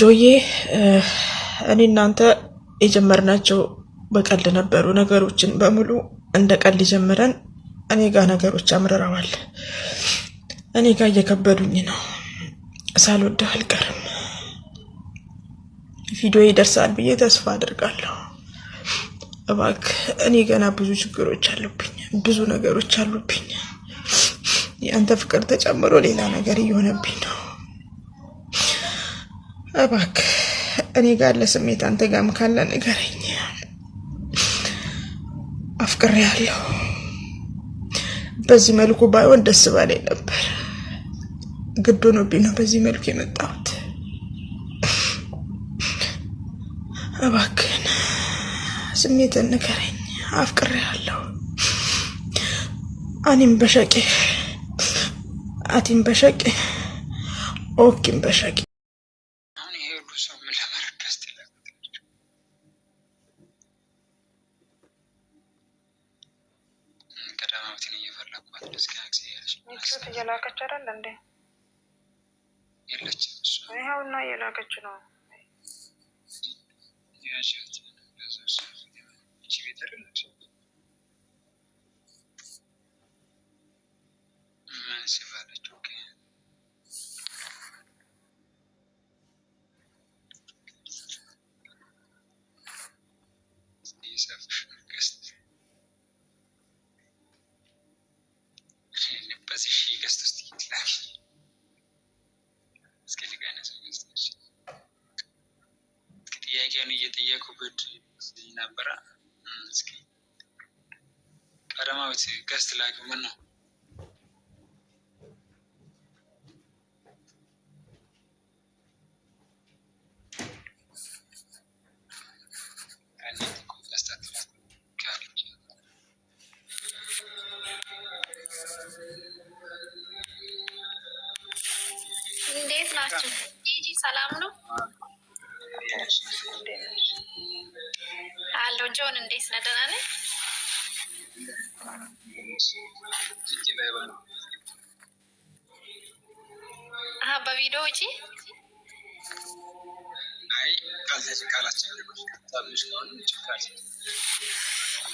ጆዬ እኔ እናንተ የጀመርናቸው በቀልድ ነበሩ። ነገሮችን በሙሉ እንደ ቀልድ ጀምረን እኔ ጋር ነገሮች አምርረዋል። እኔ ጋር እየከበዱኝ ነው። ሳልወደ አልቀርም። ቪዲዮ ይደርሳል ብዬ ተስፋ አድርጋለሁ። እባክህ እኔ ገና ብዙ ችግሮች አሉብኝ፣ ብዙ ነገሮች አሉብኝ። የአንተ ፍቅር ተጨምሮ ሌላ ነገር እየሆነብኝ ነው። እባክ እኔ ጋር ያለ ስሜት አንተ ጋም ካለ ንገረኝ። አፍቅሬ ያለሁ በዚህ መልኩ ባይሆን ደስ ባላይ ነበር። ግድ ሆኖብኝ ነው በዚህ መልኩ የመጣሁት። እባክህን ስሜትን ንገረኝ። አፍቅሬ ያለሁ አኔም በሸቄ አቲም በሸቄ ኦኪም በሸቄ እየላከች አይደል እንዴ? የለች። ይኸውና እየላከች ነው። ምን ሲባል ጥያቄን ብድ ነበረ። እስኪ ቀዳማዊት ገስት ላግ ምን ነው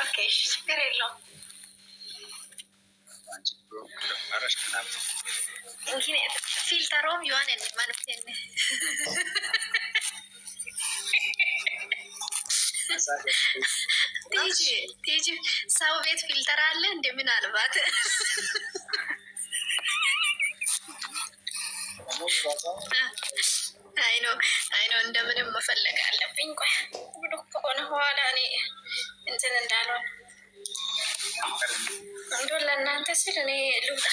ኦኬ፣ ችግር የለውም። ፊልተሮም የሆነ ማለት ቲጂ ሰው ቤት ፊልተር አለ እንደ ምናልባት አይኖ አይኖ እንደምንም መፈለግ አለብኝ። ቆይ ብሎ ከሆነ በኋላ እኔ እንትን እንዳልሆነ እንዶ ለእናንተ ስል እኔ ልውጣ።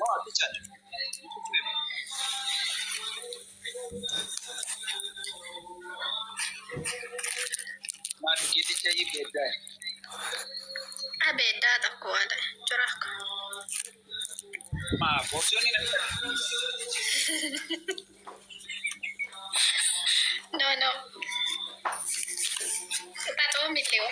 አቤዳ ጠኩ ዋለ ጭራካ Ma No, no. Tato mi leo.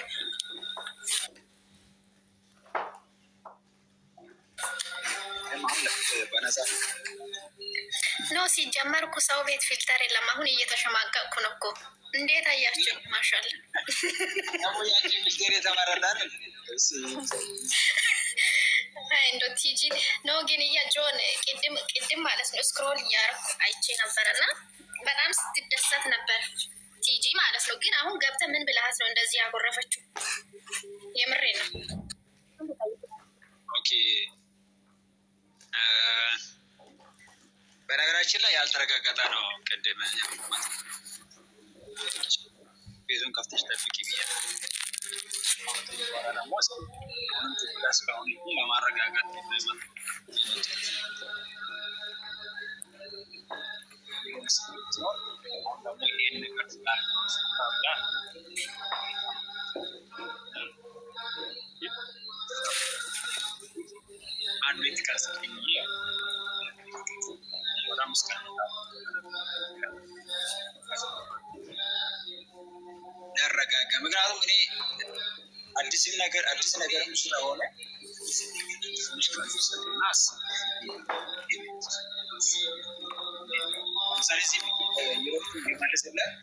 ኖ ሲጀመር እኮ ሰው ቤት ፊልተር የለም። አሁን እየተሸማቀቅኩ ነው እኮ። እንዴት አያችሁ ማሻል እንደው ቲጂ ነው ግን እያ ጆን ቅድም ማለት ነው ስክሮል እያረኩ አይቼ ነበር እና በጣም ስትደሰት ነበር ቲጂ ማለት ነው። ግን አሁን ገብተ ምን ብልሃት ነው እንደዚህ ያጎረፈችው? የምሬ ነው። ኦኬ በነገራችን ላይ ያልተረጋገጠ ነው ቅድም Thank you.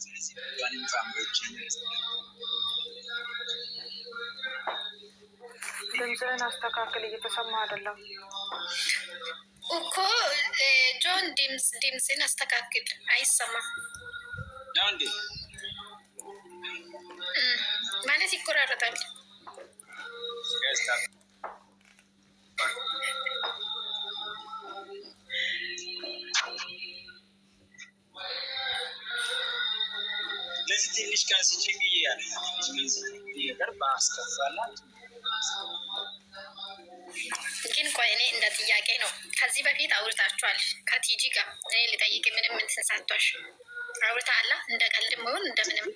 ስለዚህ ሁሉንም ፋሚሊዎችን ድምፅህን አስተካክል፣ እየተሰማ አይደለም እኮ ጆን። ድምፅ ድምፅህን አስተካክል፣ አይሰማም ማለት ይቆራረጣል። ስለዚህ ትንሽ ቀንስቼ ብዬ ያለ ነገር በአስከፋላት ግን ቆይ እኔ እንደ ጥያቄ ነው። ከዚህ በፊት አውርታችኋል ከቲጂ ጋር እኔ ልጠይቅ ምንም እንትን ሳቷሽ አውርታ አላ እንደ ቀልድ መሆን እንደምንም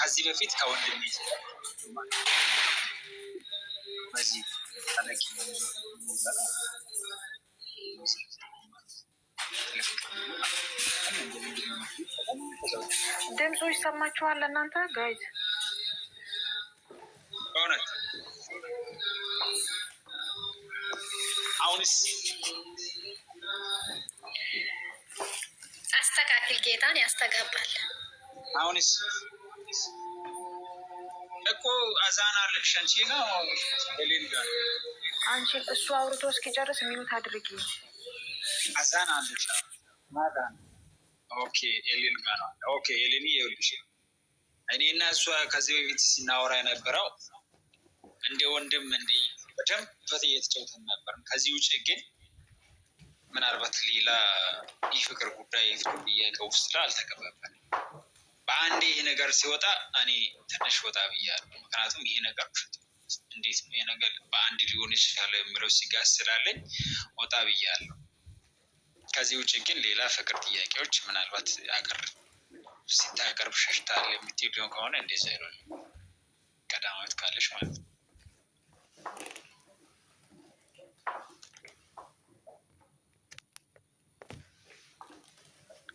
ከዚህ በፊት ከወንድሜ በዚህ ተለቂ ድምፁ ይሰማችኋል እናንተ ጋይዝ? በእውነት አሁንስ አስተካክል፣ ጌታን ያስተጋባል። አሁንስ እኮ አዛን አለሽ አንቺ ነው ሌል አንቺ እሱ አውርቶ እስኪጨርስ የሚሉት አድርጊ። አዛን አለሽ ማዳን ኦኬ ኤሊን ነው። ኦኬ ኤሊን ይኸውልሽ፣ እኔ እና እሷ ከዚህ በፊት ሲናወራ የነበረው እንደ ወንድም እንደ በደንብ እየተጫወትን ነበር። ከዚህ ውጭ ግን ምናልባት ሌላ የፍቅር ጉዳይ የፍቅር ጥያቄ ውስጥ ላይ በአንድ ይሄ ነገር ሲወጣ እኔ ትንሽ ወጣ ብያለሁ። ምክንያቱም ይሄ ነገር እንዴት ይሄ ነገር በአንድ ሊሆን ይችላል የሚለው ስጋት ስላለኝ ወጣ ብያለሁ። ከዚህ ውጭ ግን ሌላ ፍቅር ጥያቄዎች ምናልባት አገር ሲታቀርብ ሸሽታል የምትል ሊሆን ከሆነ እንደዚ አይሆን ቀዳማዊት ካለች ማለት ነው።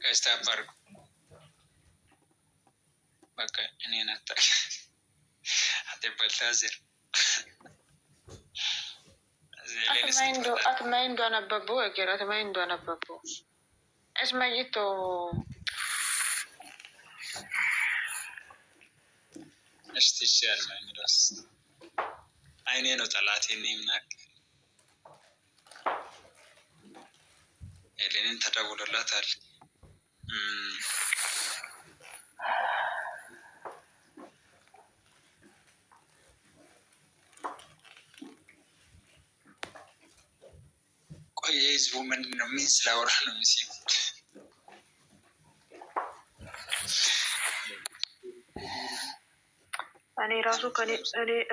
ከስታባርጉ በቃ እኔ ናታ አቴ በልታዝር አትማይንዶ አነበቦ ገር አትማይንዶ አነበቦ እስመይቶ እስቲ ይሻለ እንግዲያስ አይኔ ነው ጠላት የምናቅ ኤሌንን ተደውሎላታል። የህዝቡ ምንድን ነው? ምን ስላወራ ነው? ምስ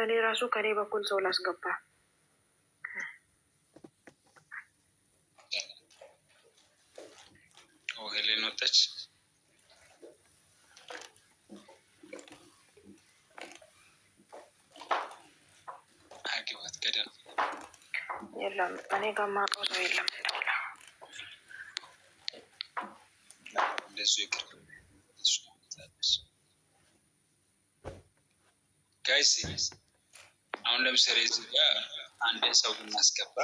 እኔ ራሱ ከኔ በኩል ሰው ላስገባ ሄሌን ወጣች። የለም እኔ ጋማ ጋይስ አሁን ለምሳሌ እዚህ ጋ አንድ ሰው ብናስገባ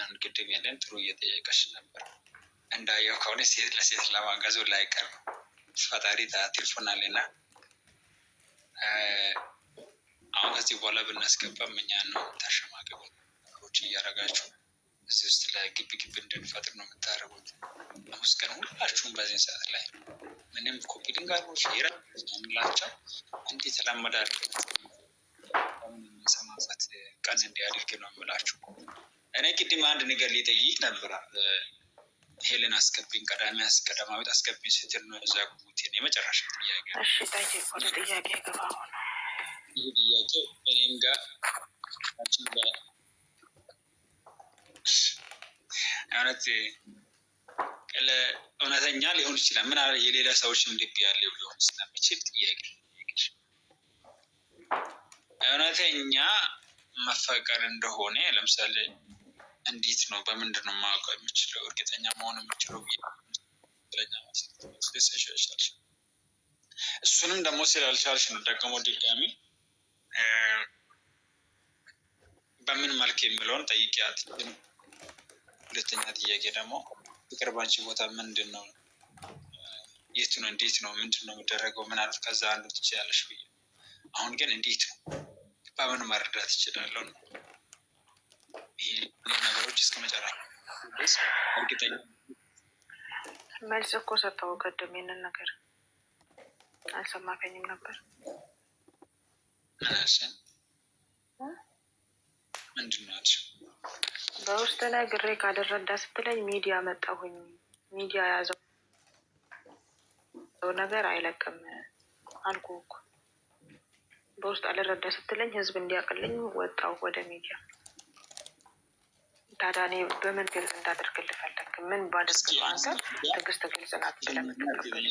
አሁን ቅድም ያለን ጥሩ እየጠየቀች ነበር። እንዳየው ከሆነ ሴት ለሴት ለማጋዙ ላይቀር ነው ፈጣሪ ታትርፎናል እና አሁን ከዚህ በኋላ ብናስገባም እኛ ነው ታሸማገቡ ነገሮች እያረጋችሁ እዚህ ውስጥ ላይ ግብ ግብ እንድንፈጥር ነው የምታደርጉት። አሁስ ቀን ሁላችሁም በዚህ ሰዓት ላይ ምንም ኮፒሊንግ አርቦች ይራ ላቸው እንዴት ተላመዳል ቀን እንዲያደርግ ነው የምላችሁ። እኔ ቅድም አንድ ነገር ሊጠይቅ ነበረ። ሄለን አስገብኝ ቀዳሚ ቀዳማዊት አስገብኝ ስትል ነው የዘጉትን የመጨረሻ ጥያቄ ይህ ጥያቄ እኔም ጋር እውነት እውነተኛ ሊሆን ይችላል። ምን የሌላ ሰዎችም ልብ ያለው ሊሆን ስለሚችል ጥያቄ እውነተኛ መፈቀር እንደሆነ ለምሳሌ እንዴት ነው በምንድን ነው ማወቅ የምችለው እርግጠኛ መሆን የምችለው እሱንም ደግሞ ስላልቻልሽ ነው ደግሞ ድጋሚ በምን መልክ የሚለውን ጠይቂያት። ሁለተኛ ጥያቄ ደግሞ ፍቅር ባንቺ ቦታ ምንድን ነው የት ነው እንዴት ነው ምንድን ነው የሚደረገው ምናልባት ከዛ አንዱ ትችላለሽ ብዬ አሁን ግን እንዴት ነው በምን መረዳት ይችላለሁ ነው። ይህ ነገሮች እስከ መጨረሻ እርግጠኛ መልስ እኮ ሰጠው። ቅድም ይህንን ነገር አልሰማከኝም ነበር። ምንድን ነው በውስጥ ላይ ግሬ ካልረዳ ስትለኝ ሚዲያ መጣሁኝ። ሚዲያ ያዘው ነገር አይለቅም አልኩህ እኮ በውስጥ አልረዳ ስትለኝ ህዝብ እንዲያቅልኝ ወጣው ወደ ሚዲያ። ታዲያ እኔ በምን ግልጽ እንዳደርግልህ ፈለግ? ምን ባደርግ አንተ ትዕግስት ግልጽ ናት ስለምትቀበል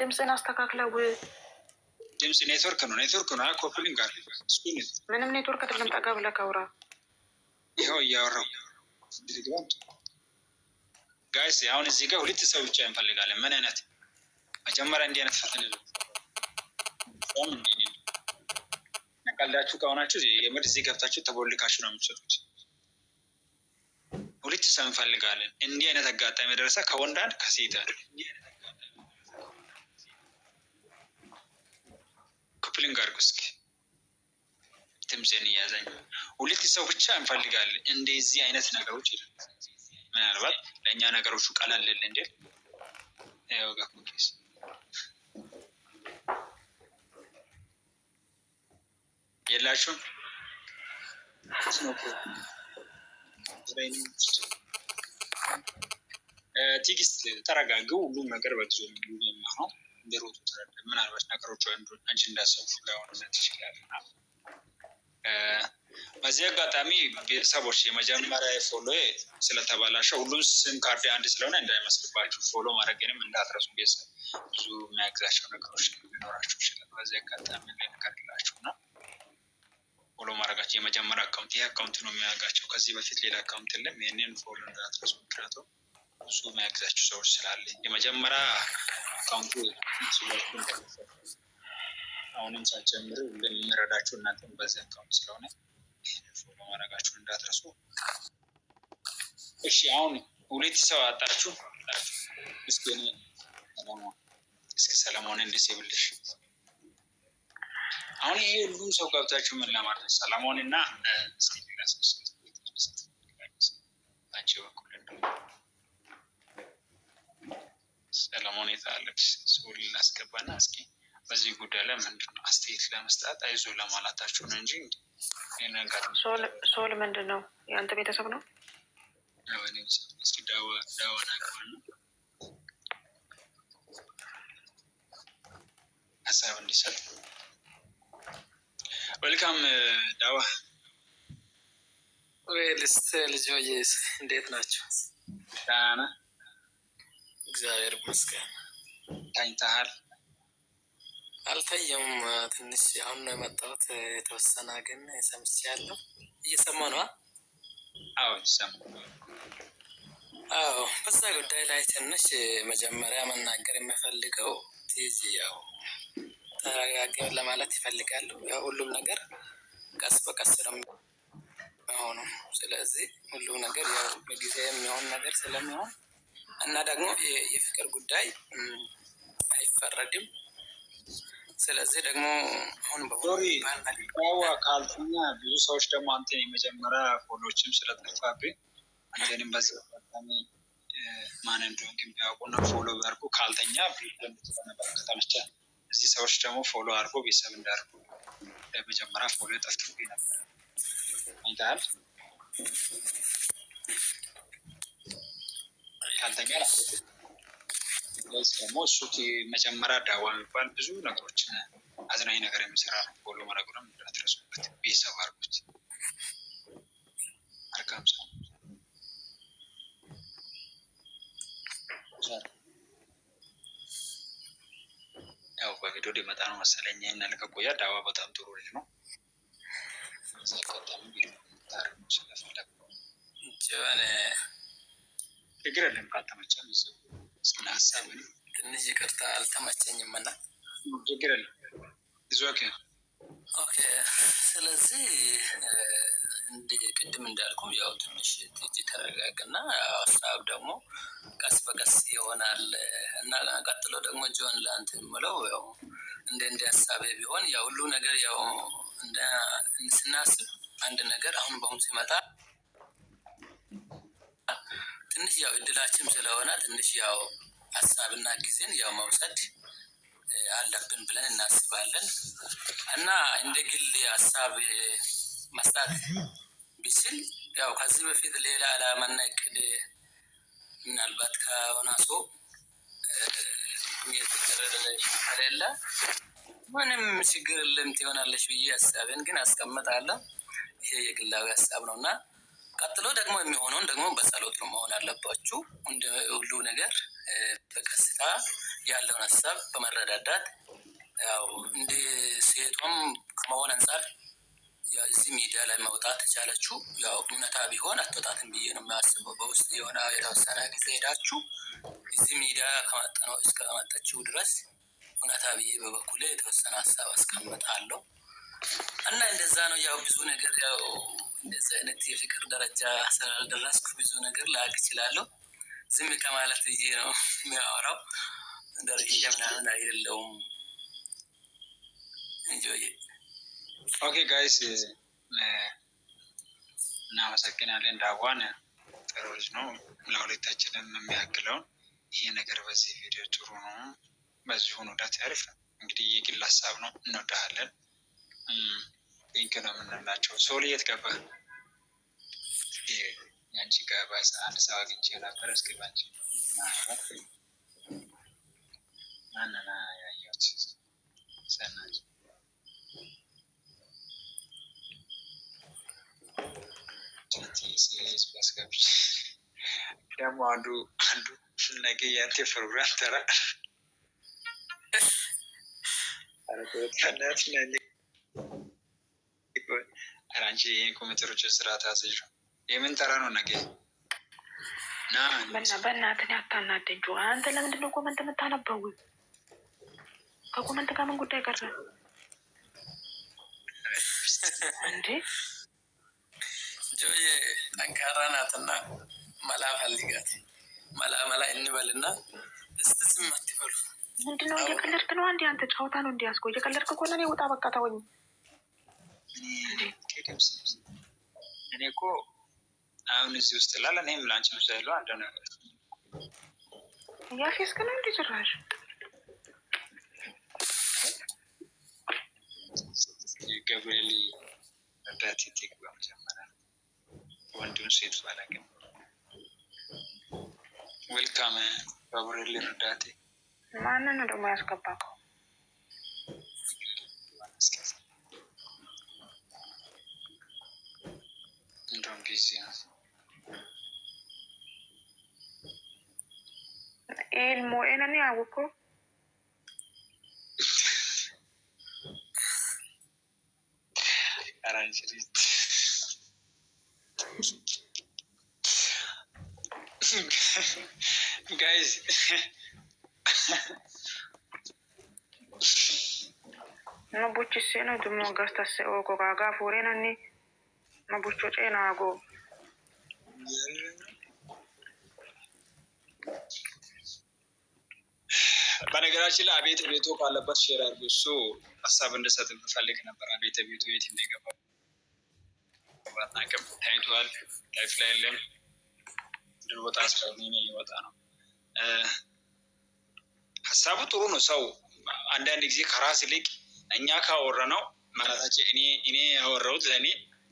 ድምፅን አስተካክለው። ድምፅ ኔትወርክ ነው ኔትወርክ ነው ኮፕሊንግ ጋር ምንም ኔትወርክ አይደለም። ጠጋ ብለህ ከውራ ይኸው እያወራሁ ጋይስ። አሁን እዚህ ጋር ሁለት ሰው ብቻ እንፈልጋለን። ምን አይነት መጀመሪያ እንዲህ አይነት ፈተና የለም። ነቀልዳችሁ ከሆናችሁ የምር እዚህ ገብታችሁ ተቦልካችሁ ነው የምትሰጡት። ሁለት ሰው እንፈልጋለን። እንዲህ አይነት አጋጣሚ የደረሰ ከወንድ አንድ ከሴት አንድ ክፍልን ጋር እስኪ ድምፅን እያዘኝ ሁለት ሰው ብቻ እንፈልጋለን። እንደዚህ አይነት ነገሮች ምናልባት ለእኛ ነገሮቹ ቀላል እንዴ የላችሁም? ትዕግስት ተረጋግቡ። ሁሉም ነገር በጊዜ እንደሮቱ ተረዳ። ምናልባት ነገሮች አንቺ ይችላል። በዚህ አጋጣሚ ቤተሰቦች የመጀመሪያ ፎሎ ስለተባላሸ ሁሉም ስም ካርድ አንድ ስለሆነ እንዳይመስልባችሁ ፎሎ ማድረግንም እንዳትረሱ። ቤተሰብ ብዙ የሚያግዛቸው ነገሮች ሊኖራቸው ይችላል። በዚህ አጋጣሚ ላይ ነገር ፎሎ ማድረጋቸው የመጀመሪያ አካውንት ይህ አካውንት ነው የሚያጋቸው። ከዚህ በፊት ሌላ አካውንት የለም። ይህንን ፎሎ እንዳትረሱ፣ ምክንያቱም እሱ የሚያግዛቸው ሰዎች ስላለ የመጀመሪያ አካውንቱ አሁንም ሳትጀምሩ የሚረዳችሁ እናንተም በዚህ አካውንት ስለሆነ ይህንን ፎሎ ማድረጋችሁ እንዳትረሱ። እሺ፣ አሁን ሁለት ሰው አጣችሁ። እስኪ ሰለሞን እንዲስብልሽ አሁን ይሄ ሁሉም ሰው ገብታችሁ ምን ለማድረግ ሰለሞን እና ሰለሞን የታለች ሰው ልናስገባና እስኪ በዚህ ጉዳይ ላይ ምንድን ነው አስተያየት ለመስጠት አይዞ ለማላታችሁ ነው እንጂ ነገር ሶል ምንድን ነው የአንተ ቤተሰብ ነው ዳዋና ከሆነ ሀሳብ እንዲሰጥ ወልካም ዳዋ ልስት እንዴት ናቸው? ዳና እግዚአብሔር ይመስገን። ታኝተሃል? አልታየም። ትንሽ አሁን ነው የመጣሁት። የተወሰነ ግን ሰምቼ ያለው እየሰማ ነዋ። አዎ ሰማ። አዎ በዛ ጉዳይ ላይ ትንሽ መጀመሪያ መናገር የምፈልገው ቲዚ ያው ተረጋጋ ለማለት ይፈልጋሉ። ሁሉም ነገር ቀስ በቀስ የሚሆኑ ስለዚህ ሁሉም ነገር በጊዜ የሚሆን ነገር ስለሚሆን እና ደግሞ የፍቅር ጉዳይ አይፈረድም። ስለዚህ ደግሞ አሁን በሆሪዋ ካልትና ብዙ ሰዎች ደግሞ አንተን የመጀመሪያ ፎሎችም ስለጠፋብኝ አንተንም በዚህ አጋጣሚ ማን እንደሆንክ ቢያውቁና ፎሎ በርኩ ካልተኛ ብዙ ለምትሆነ በረከታ እዚህ ሰዎች ደግሞ ፎሎ አድርጎ ቤተሰብ እንዳርጉ ለመጀመሪያ ፎሎ ጠፍቶ ነበር አይታል ካልተኛ ደግሞ እሱ መጀመሪያ ዳዋ የሚባል ብዙ ነገሮችን አዝናኝ ነገር የሚሰራ ነው። ፎሎ ማድረጉንም እንዳትረሱበት ቤተሰብ አድርጉት። አርካም ሰው ሄዶ ሊመጣ ነው መሰለኝ። ይህን ያልከቆያ ዳዋ በጣም ጥሩ ልጅ ነው። ችግር የለም ካልተመቸም ስለ ትንሽ ይቅርታ አልተመቸኝም እና ችግር የለም። ስለዚህ ቅድም እንዳልኩም ያው ትንሽ ትጅ ተረጋግና ሀሳብ ደግሞ ቀስ በቀስ ይሆናል እና ቀጥሎ ደግሞ ጆን ለአንተ የምለው ያው እንደ እንደ ሀሳቤ ቢሆን ያው ሁሉ ነገር ያው ስናስብ አንድ ነገር አሁን በአሁኑ ሲመጣ ትንሽ ያው እድላችን ስለሆነ ትንሽ ያው ሀሳብና ጊዜን ያው መውሰድ አለብን ብለን እናስባለን እና እንደ ግል ሀሳብ መስራት ቢችል ያው ከዚህ በፊት ሌላ አላማና እቅድ ምናልባት ከሆናሶ የተቀረለ ከሌለ ምንም ችግር የለም ትሆናለች ብዬ ሀሳብን ግን አስቀምጣለሁ። ይሄ የግላዊ ሀሳብ ነው እና ቀጥሎ ደግሞ የሚሆነውን ደግሞ በጸሎት ነው መሆን አለባችሁ። እንደ ሁሉ ነገር በቀስታ ያለውን ሀሳብ በመረዳዳት ያው እንደ ሴቷም ከመሆን አንጻር እዚህ ሚዲያ ላይ መውጣት የቻለችው ያው እውነታ ቢሆን አትወጣትም ብዬ ነው የሚያስበው። በውስጥ የሆነ የተወሰነ ጊዜ ሄዳችሁ እዚህ ሚዲያ ከመጠነው ነው እስከመጠችው ድረስ እውነታ ብዬ በበኩሌ የተወሰነ ሀሳብ አስቀምጣለሁ እና እንደዛ ነው። ያው ብዙ ነገር ያው እንደዚህ አይነት የፍቅር ደረጃ ስላልደረስኩ ብዙ ነገር ላቅ እችላለሁ። ዝም ከማለት ብዬ ነው የሚያወራው። ደረጃ ምናምን አይደለውም እንጆዬ ኦኬ ጋይስ እናመሰግናለን። ዳዋን ጥሩ ልጅ ነው። ለሁለታችንን የሚያክለውን ይሄ ነገር በዚህ ቪዲዮ ጥሩ ነው። በዚሁ ንዳት ያሪፍ ነው። እንግዲህ የግል ሀሳብ ነው። እንወዳሃለን። ንክ ነው የምንላቸው ሶል የት ገባ? ያንቺ ጋር አንድ ሰው አግኝቼ ነበር። እስኪ ባንቺ ማንና ያየሁት ሰናቸው የህዝብ አስገብቼ ደግሞ አንዱ አንዱ ነገ የአንቴ ፕሮግራም ተራ አንቺ ይህን ኮሜንተሮችን ስራ ታስጅ የምን ተራ ነው ነገ በእናትን ያታናደጁ አንተ ለምንድን ነው ኮመንት የምታነበው? ከኮመንት ጋር ምን ጉዳይ ቀረ እንዴ? ልጆዬ ጠንካራ ናትና መላ ፈልጋት መላ መላ እንበልና እስቲ ዝም አትበሉ። ምንድነው እየቀለድክ ነው? አንዴ አንተ ጨዋታ ነው እንዲያስጎ እየቀለድክ ከሆነ እኔ ውጣ በቃ ተወኝ። እኔ እኮ አሁን እዚህ ውስጥ ላለ እኔም ለአንቺ ምሳ አንድ ነገር እያፌስክ ነው እንዲ ጭራሽ ገብርኤል ረዳት ቴክ በምጀ one two six वाला के welcome Gabriele Rodati. Maana ndo maska pako. Ndo busy. Ilmu ena ni aguko. Arrangeriti. ጋይዝ ma buchisseena tummo gastasse ooko kaagaa fuurenanni ma bucho ceenaago በነገራችን ላይ አቤት ቤቱ ካለበት ሼር አድርጉ። እሱ ሀሳብ እንድሰጥ የምፈልግ ነበር። አቤት ቤቱ የት እንደገባ አናውቅም። ታይቷል ላይፍ ላይ የለም ልወጣ ስለሆነ ሊወጣ ነው። ሀሳቡ ጥሩ ነው። ሰው አንዳንድ ጊዜ ከራስ ይልቅ እኛ ካወረ ነው ማለታቸው እኔ እኔ ያወራሁት ለእኔ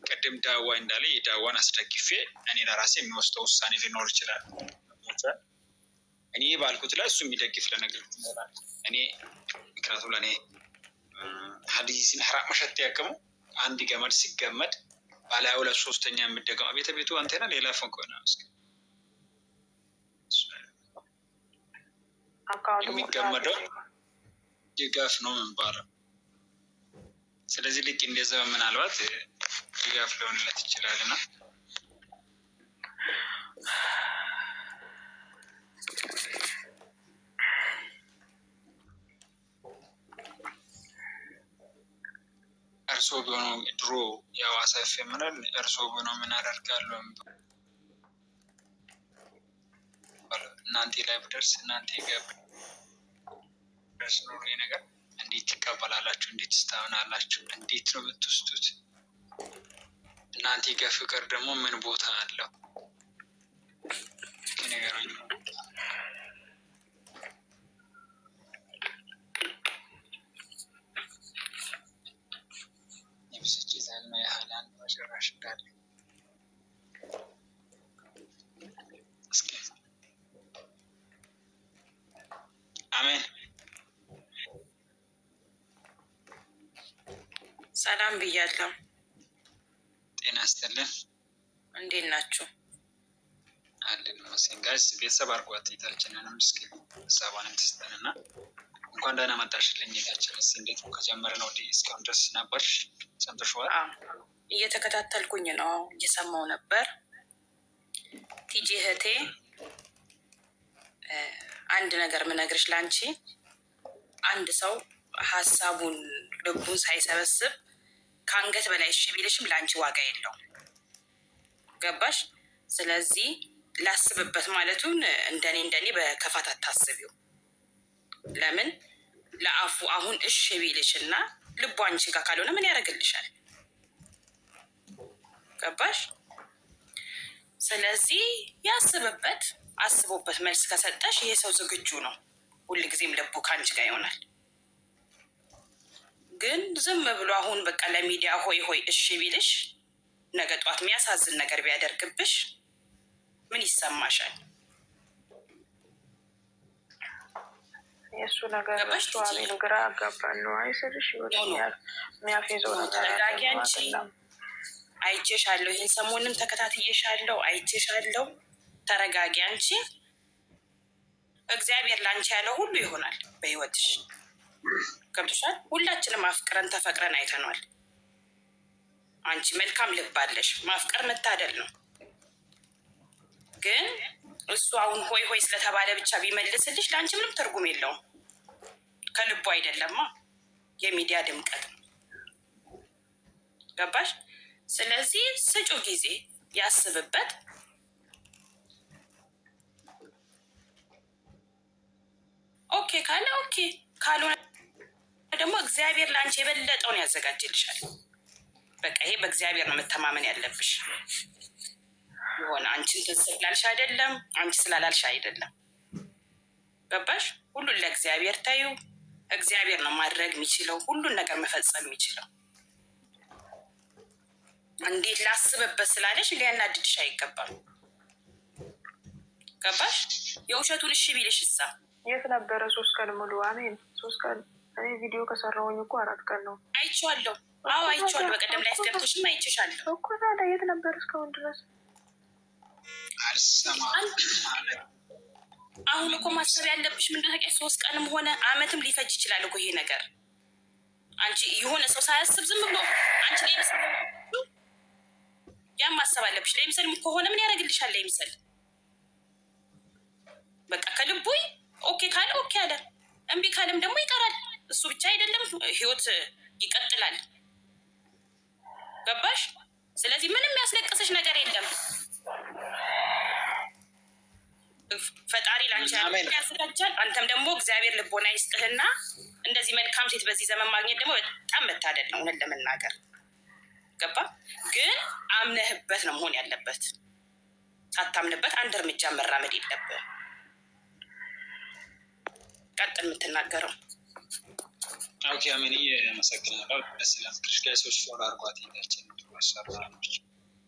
ቅድም ዳዋ እንዳለ የዳዋን አስደግፌ እኔ ለራሴ የሚወስደው ውሳኔ ሊኖር ይችላል። እኔ ባልኩት ላይ እሱ የሚደግፍ ለነገር እኔ ምክንያቱም ለእኔ ሀዲስን ሀራቅ መሸት ያቅሙ አንድ ገመድ ሲገመድ ባለ ሀያ ሁለት ሶስተኛ የምደገመው ቤተ ቤቱ አንቴና ሌላ ፎን ከሆነ የሚገመደው ድጋፍ ነው የሚባለው። ስለዚህ ልክ እንደዛ ምናልባት ድጋፍ ሊሆንለት ይችላል እና እርሶ ብኖ ድሮ ያው አሳፍ ምናል እርሶ ብኖ ምን አደርጋለሁ እናንተ ላይ ብደርስ እናንተ ገብ ደርስ ነገር እንዴት ይቀበላላችሁ እንዴት ስታምናላችሁ? እንዴት ነው የምትወስዱት? እናንተ ጋር ፍቅር ደግሞ ምን ቦታ አለው? ሰላም ብያለሁ። ጤና ይስጥልን። እንዴት ናችሁ? አለን መሰለኝ ጋይስ ቤተሰብ አድርጓት የታችንን ምስኪ ሀሳቧን ትስጠን እና እንኳን ደህና መጣሽልኝ። የታችን ስ እንዴት ነው ዲ እስካሁን ድረስ ነበርሽ ሰምተሽዋል? እየተከታተልኩኝ ነው፣ እየሰማው ነበር። ቲጂ እህቴ አንድ ነገር ምነግርሽ ለአንቺ አንድ ሰው ሀሳቡን ልቡን ሳይሰበስብ ከአንገት በላይ እሺ ቢልሽም ለአንቺ ዋጋ የለውም። ገባሽ? ስለዚህ ላስብበት ማለቱን እንደኔ እንደኔ በከፋት አታስቢው። ለምን ለአፉ አሁን እሺ ቢልሽ እና ልቡ አንቺ ጋር ካልሆነ ምን ያደርግልሻል? ገባሽ? ስለዚህ ያስብበት። አስቦበት መልስ ከሰጠሽ ይሄ ሰው ዝግጁ ነው፣ ሁልጊዜም ልቡ ከአንቺ ጋር ይሆናል። ግን ዝም ብሎ አሁን በቃ ለሚዲያ ሆይ ሆይ እሺ ቢልሽ ነገ ጠዋት የሚያሳዝን ነገር ቢያደርግብሽ ምን ይሰማሻል? የእሱ ነገር በስተዋል ግራ አጋባን ነው አይስልሽ ይሆናል የሚያፌዘው ነገር አይቼሻለሁ። ይህን ሰሞንም ተከታትዬሻለሁ፣ አይቼሻለሁ። ተረጋጊ አንቺ። እግዚአብሔር ላንቺ ያለው ሁሉ ይሆናል በህይወትሽ። ገብቶሻል። ሁላችንም አፍቅረን ተፈቅረን አይተኗል። አንቺ መልካም ልባለሽ፣ ማፍቀር መታደል ነው። ግን እሱ አሁን ሆይ ሆይ ስለተባለ ብቻ ቢመልስልሽ ለአንቺ ምንም ትርጉም የለውም። ከልቡ አይደለማ፣ የሚዲያ ድምቀት ገባሽ? ስለዚህ ስጩ ጊዜ ያስብበት። ኦኬ ካለ ኦኬ ካልሆነ ደግሞ እግዚአብሔር ለአንቺ የበለጠውን ያዘጋጅልሻል። በቃ ይሄ በእግዚአብሔር ነው መተማመን ያለብሽ። የሆነ አንቺ ስላልሽ አይደለም፣ አንቺ ስላላልሽ አይደለም። ገባሽ? ሁሉን ለእግዚአብሔር ታዩ። እግዚአብሔር ነው ማድረግ የሚችለው ሁሉን ነገር መፈጸም የሚችለው። እንዴት ላስብበት ስላለሽ ሊያናድድሽ አይገባም። ገባሽ? የውሸቱን እሺ ቢልሽ እሳ የት ነበረ? ሶስት ቀን ሙሉ አሜን፣ ሶስት ቀን እኔ ቪዲዮ ከሰራውኝ እኮ አራት ቀን ነው። አይቼዋለሁ። አዎ አይቼዋለሁ። በቀደም ላይ ገብቶሽም አይቼሻለሁ እኮ። ታዲያ የት ነበር እስካሁን ድረስ? አሁን እኮ ማሰብ ያለብሽ ምንድን ነው? ሶስት ቀንም ሆነ አመትም ሊፈጅ ይችላል እኮ ይሄ ነገር። አንቺ የሆነ ሰው ሳያስብ ዝም ብሎ አንቺ ላይ ምስል ያም ማሰብ አለብሽ። ላይ ምስል ከሆነ ምን ያደርግልሻል? ምስል በቃ ከልቡይ ኦኬ ካለ ኦኬ አለ፣ እምቢ ካለም ደግሞ ይቀራል። እሱ ብቻ አይደለም፣ ህይወት ይቀጥላል። ገባሽ? ስለዚህ ምንም ያስለቀሰች ነገር የለም። ፈጣሪ ላንቺ ያዘጋጃል። አንተም ደግሞ እግዚአብሔር ልቦና ይስጥህና እንደዚህ መልካም ሴት በዚህ ዘመን ማግኘት ደግሞ በጣም መታደል ነው። እውነት ለመናገር ገባ። ግን አምነህበት ነው መሆን ያለበት። ሳታምንበት አንድ እርምጃ መራመድ የለብህ። ቀጥ የምትናገረው ኦኬ አሜን አመሰግናለሁ። ስለምክርሽ ላይ ሰዎች ፎር አርጓት እንዳችን ሰራች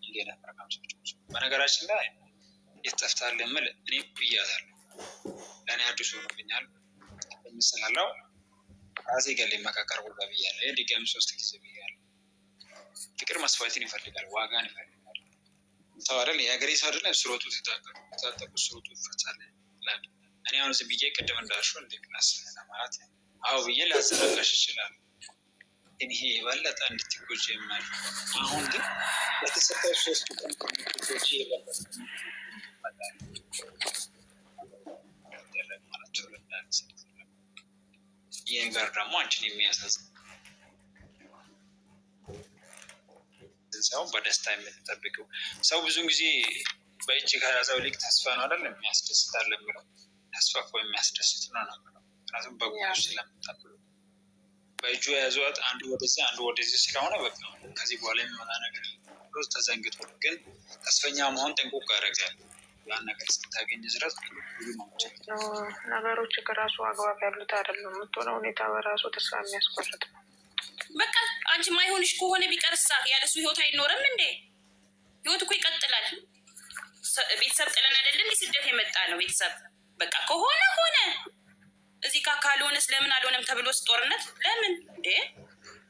እንጌላ ፕሮግራም ሰዎች በነገራችን ላይ የተጠፍታል የምል እኔ ብያታለሁ። ለእኔ አዲሱ ሆኖብኛል የምስላለው ራሴ ገል ሊመካከር ቦታ ብያለሁ። ድጋሚ ሶስት ጊዜ ብያለሁ። ፍቅር መስዋዕትን ይፈልጋል፣ ዋጋን ይፈልጋል። ሰው አይደል የሀገሬ ሰው አይደለ ስሮቱ ሲታጠቁ ስሮቱ ይፈቻል። እኔ አሁን ዝም ብዬ ቅድም እንዳልሽው እንደሚናስ ማለት አዎ ብዬ ላዘናጋሽ ይችላል። ግን ይሄ የበለጠ እንድትጎጂ የማል አሁን ግን በተሰጠሽ ሶስት ቀን ከምትጎጂ የበለጠ ይህ ነገር ደግሞ አንቺን የሚያሳዝን ሰው በደስታ የምትጠብቀው ሰው ብዙን ጊዜ በእጅ ከያዘው ሊቅ ተስፋ ነው አይደለም የሚያስደስታል የሚለው ተስፋ እኮ የሚያስደስት ነው ነበር። ምክንያቱም በጎች ስለምጠሉ በእጁ የያዘዋት አንዱ ወደዚህ አንዱ ወደዚህ ስለሆነ በቃ ከዚህ በኋላ የሚሆና ነገር ብሎ ተዘንግቶ፣ ግን ተስፈኛ መሆን ጥንቁቅ ያደርጋል። ያን ነገር ስታገኝ ዝረት ነገሮች ከራሱ አግባብ ያሉት አይደለም። የምትሆነ ሁኔታ በራሱ ተስፋ የሚያስቆርጥ ነው። በቃ አንቺ ማይሆንሽ ከሆነ ቢቀርሳ ያለሱ ህይወት አይኖርም እንዴ? ህይወት እኮ ይቀጥላል። ቤተሰብ ጥለን አይደለም ስደት የመጣ ነው። ቤተሰብ በቃ ከሆነ ሆነ እዚህ ጋር ካልሆነስ ለምን አልሆነም ተብሎስ ጦርነት ለምን እንዴ?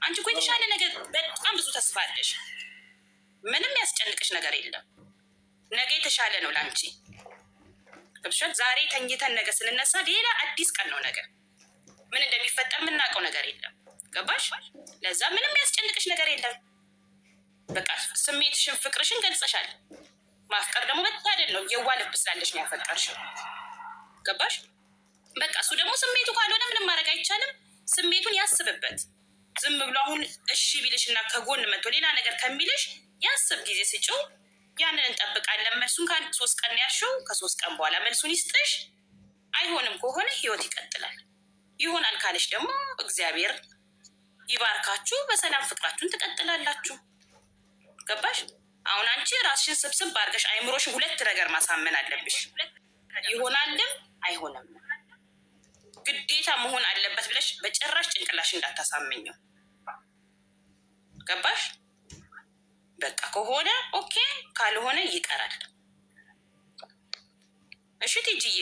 አንቺ እኮ የተሻለ ነገር በጣም ብዙ ተስፋ አለሽ። ምንም ያስጨንቅሽ ነገር የለም። ነገ የተሻለ ነው ለአንቺ። ብሻት ዛሬ ተኝተን ነገ ስንነሳ ሌላ አዲስ ቀን ነው። ነገር ምን እንደሚፈጠር የምናውቀው ነገር የለም። ገባሽ? ለዛ ምንም ያስጨንቅሽ ነገር የለም። በቃ ስሜትሽን፣ ፍቅርሽን ገልጸሻል። ማፍቀር ደግሞ በታደል ነው። የዋ ልብ ስላለሽ ነው ያፈቀርሽው። ገባሽ? በቃ እሱ ደግሞ ስሜቱ ካልሆነ ምንም ማድረግ አይቻልም። ስሜቱን ያስብበት። ዝም ብሎ አሁን እሺ ቢልሽ እና ከጎን መጥቶ ሌላ ነገር ከሚልሽ ያስብ። ጊዜ ስጭው፣ ያንን እንጠብቃለን። መልሱን ከአንድ ሶስት ቀን ያልሽው ከሶስት ቀን በኋላ መልሱን ይስጥሽ። አይሆንም ከሆነ ህይወት ይቀጥላል። ይሆናል ካለሽ ደግሞ እግዚአብሔር ይባርካችሁ፣ በሰላም ፍቅራችሁን ትቀጥላላችሁ። ገባሽ? አሁን አንቺ ራስሽን ስብስብ አድርገሽ አይምሮሽን ሁለት ነገር ማሳመን አለብሽ። ይሆናልም አይሆንም ግዴታ መሆን አለበት ብለሽ በጭራሽ ጭንቅላሽ እንዳታሳመኘው። ገባሽ? በቃ ከሆነ ኦኬ፣ ካልሆነ ይቀራል። እሺ ቲጂዬ፣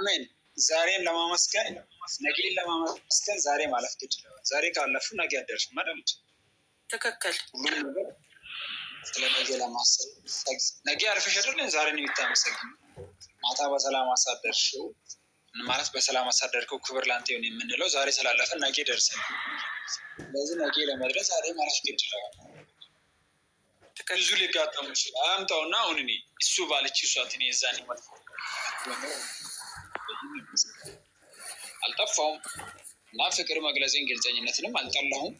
አሜን። ዛሬን ለማመስገን ነገን ለማመስገን ዛሬ ማለፍ ግድ። ዛሬ ካለፉ ነገ ያደርሽ ሁሉም ነገር ስለ ነገ ለማሰብ ነገ አርፈሽ አይደለ ዛሬ ነው የምታመሰግኝ። ማታ በሰላም አሳደርሽው ማለት በሰላም አሳደርከው ክብር ላንተ ይሁን የምንለው ዛሬ ስላለፈ ነገ ደርሰን፣ ስለዚህ ነገ ለመድረስ ዛሬ ማለፍ ግድ ይላል። ብዙ ሊጋጠሙ ይችላል። አምጣውና አሁን እኔ እሱ ባለች እሷት እኔ የዛን ይመል አልጠፋውም እና ፍቅር መግለጽን ግልጸኝነትንም አልጠላሁም።